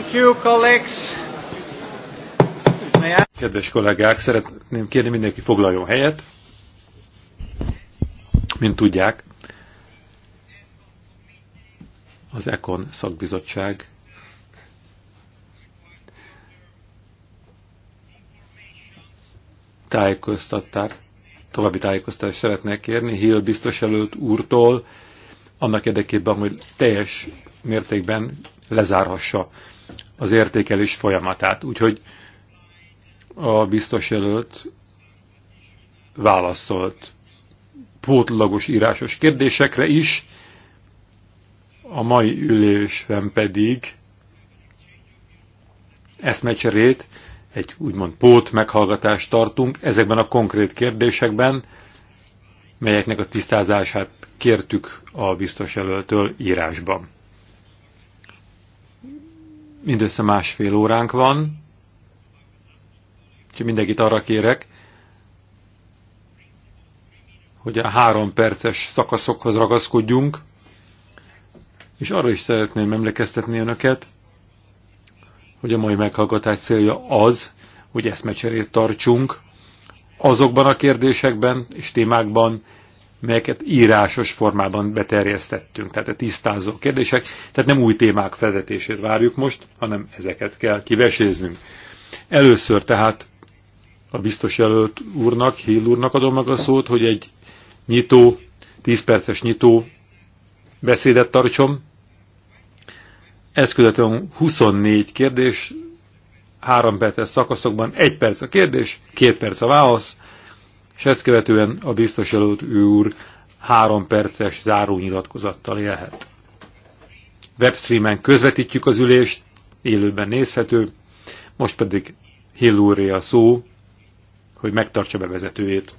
Thank you, colleagues. Kedves kollégák, szeretném kérni mindenki foglaljon helyet. Mint tudják, az ECON szakbizottság tájékoztatták, további tájékoztatást szeretnék kérni Hill biztos előtt úrtól, annak érdekében, hogy teljes mértékben lezárhassa az értékelés folyamatát. Úgyhogy a biztos jelölt válaszolt pótlagos írásos kérdésekre is, a mai ülésben pedig eszmecserét, egy úgymond pót meghallgatást tartunk ezekben a konkrét kérdésekben, melyeknek a tisztázását kértük a biztos jelöltől írásban mindössze másfél óránk van, úgyhogy mindenkit arra kérek, hogy a három perces szakaszokhoz ragaszkodjunk, és arra is szeretném emlékeztetni önöket, hogy a mai meghallgatás célja az, hogy eszmecserét tartsunk azokban a kérdésekben és témákban, melyeket írásos formában beterjesztettünk, tehát a tisztázó kérdések, tehát nem új témák felvetését várjuk most, hanem ezeket kell kiveséznünk. Először tehát a biztos jelölt úrnak, Hill úrnak adom meg a szót, hogy egy nyitó, 10 perces nyitó beszédet tartsom. Ez követően 24 kérdés, 3 perces szakaszokban, 1 perc a kérdés, 2 perc a válasz, és ezt követően a biztos jelölt úr három perces zárónyilatkozattal élhet. Webstreamen közvetítjük az ülést, élőben nézhető, most pedig Hill a szó, hogy megtartsa bevezetőjét.